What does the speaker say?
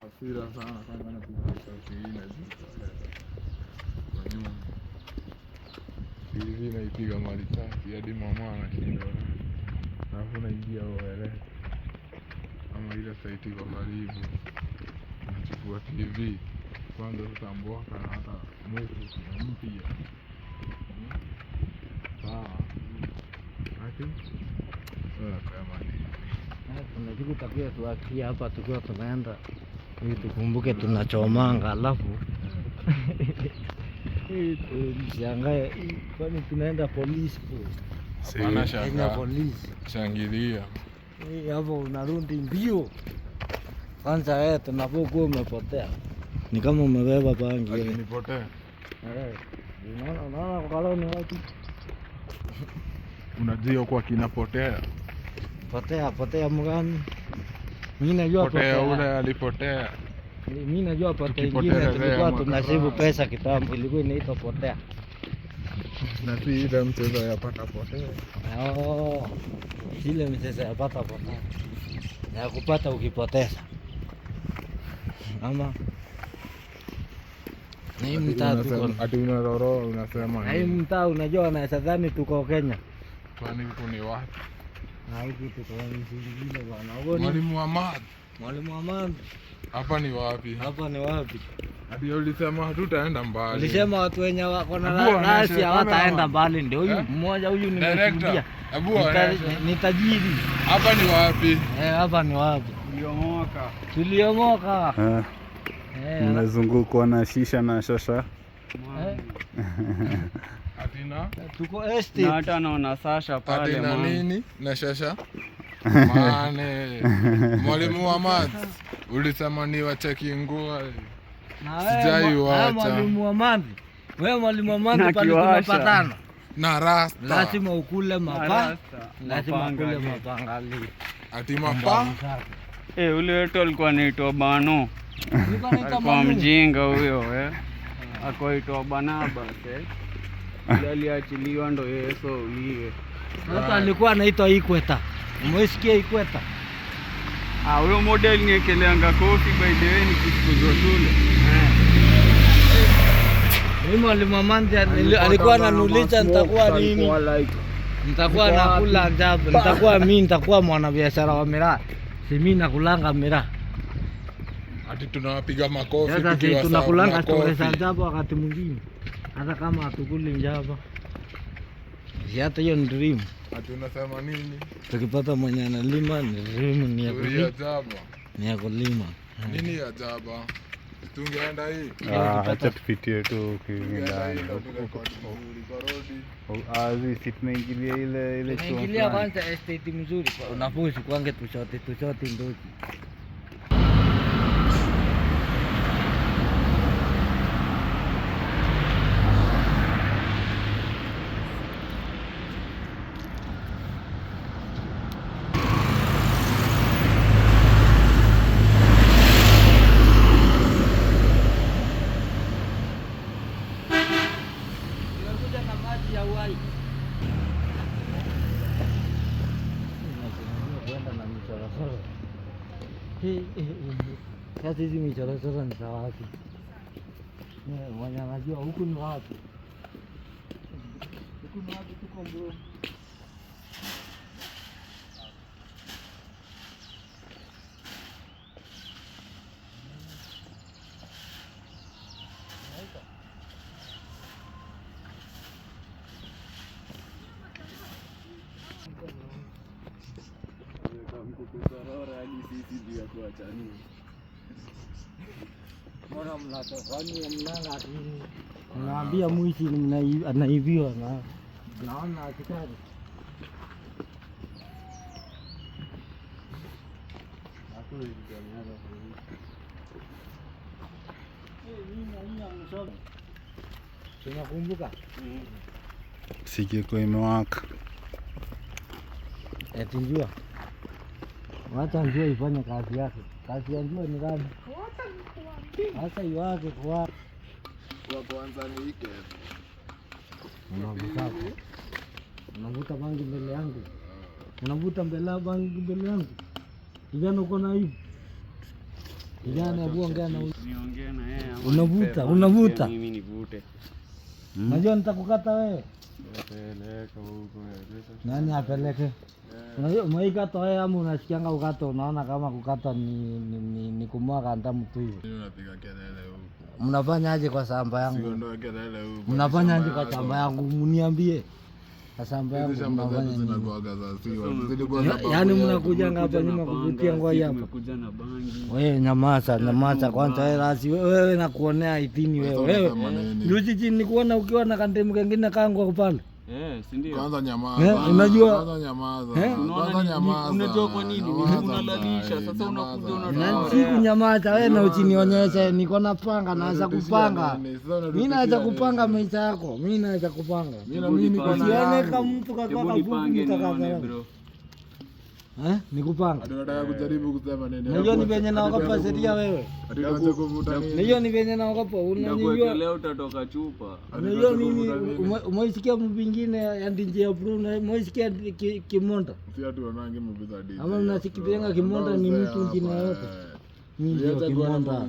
Hasira sana sana maana sauti hii kwa nyuma hivi naipiga marisasi hadi mama anashinda, alafu naingia wele ama ile saiti kwa karibu, nachukua TV kwanza, sasa na hata moto tunampiga sawa, lakini wewe kwa amani, eh, pia tuakia hapa tukiwa tunaenda hii tukumbuke tunachomanga alafu mshangae kwani tunaenda polisi shangilia hapo unarundi mbio kwanza wewe tunapokuwa umepotea ni kama umebeba bangi nipotea eh, unajua kwa kinapotea potea potea mgani najua ule alipotea mimi najua potea ingine tulikuwa tunasibu pesa kitambo, ilikuwa inaitwa potea. Na si ile mchezo ya pata potea. Oh, ile mchezo ya pata potea na kupata ukipoteza ama na hii mtaa ati unaroro unasema, na hii mtaa unajua, na sadhani tuko Kenya, kwani huko ni wapi? Mwalimu Ahmad. Mwalimu Ahmad. Hapa ni wapi? Hapa ni wapi? Hadi ulisema hatutaenda mbali. Ulisema watu wenye wana nasi hawataenda mbali ndio huyu eh? mmoja huyu ni mkubwa. Hebu ni tajiri. Hapa ni wapi? Eh, hapa ni wapi? Tuliomoka. Tuliomoka. Ah. Eh. Mnazungukwa na shisha na shasha. Eh? Atina tuko estate na hata naona Sasha pale atina nini na Shasha Mane mwalimu wa maths ulisema ni wacheki nguo sijai wacha mwalimu wa maths wewe mwalimu wa maths pale tunapatana na rasta lazima ukule mapa lazima ukule mapangali ati mapa eh ule wetu alikuwa anaitwa Bano alikuwa mjinga huyo eh akoitwa Barnaba sasa, ah. aliachiliwa ndo Yesu uliwe. Sasa alikuwa anaitwa Ikweta, umesikia Ikweta? Ah, huyo model niekeleanga kofi by the way, nikisikuzwa shule mimi mwalimu Manzi alikuwa ananiuliza nitakuwa nini, nitakuwa nakula njabu, nitakuwa mimi nitakuwa mwanabiashara wa miraa, si mimi nakulanga miraa Ati tunawapiga makofi. Sasa tunakulanga stori za njaba wakati mwingine, hata kama hatukuli njaba, hata hiyo ni dream. Ati unasema nini? Tukipata mwenye analima ni dream, ni ya kulima, ni ya kulima. Nini ya jaba? Tungeenda hii. Ah, Acha tupitie tu kiingilani. Azi oh, ah, si tunaingilia ile ile chumba. Tunaingilia kwanza estate mzuri. Unafuzu kwange tushote tushote ndoki. Sasa hizi michorochoro ni za wapi? Eh, Wanyanajua huku ni wapi? Huku ni wapi tuko bro? dhidi ya kuwachanua. Mbona mnala Naambia mwizi anaibiwa na naona akitari. Tunakumbuka msiki kwa imewaka. Eti Wacha njua ifanye kazi yake. Kazi ya njua ni gani? Wacha iwake kwa unavuta unavuta bangi mbele yangu, unavuta mbele bangi mbele yangu. Kijana uko na hivi kijana, hebu ongea na huyu. Unavuta unavuta, Unajua nitakukata wewe. Nani apeleke? Unajua mwaikata wewe ama unasikianga ukata, unaona kama kukata ni, ni, ni, ni kumwaga nda mtu hivi. Mnafanya aje kwa shamba yangu? Mnafanya aje kwa shamba yangu? Mniambie. Yaani mnakuja hapa nyuma kuvutia ngwai hapa. Wewe nyamaza, nyamaza yaani kwanza wewe lazi wewe nakuonea idhini wewe. Wewe. Juzi chini nikuona ukiwa na kandemu kengine kangu pale. Eh, Kwanza nyamaza. Eh, nyamaza. Eh? Yaani kunyamaza na uchinionyeshe niko na panga naweza kupanga. mi, naweza kupanga maisha yako. mi naweza kupanga. Mimi niko yaani mtu kaka. Eh, nikupanga. Nataka kujaribu kusema nene. Unajua ni venye naogopa sheria wewe. Unajua ni venye naogopa. Unajua leo utatoka chupa. Unajua mimi umeisikia mbingine ya ndinje ya Bruno, umeisikia kimonda. Sio tu wanange mbizadi. Ama mnasikianga kimonda ni mtu mwingine yote. Mimi ndio kimonda.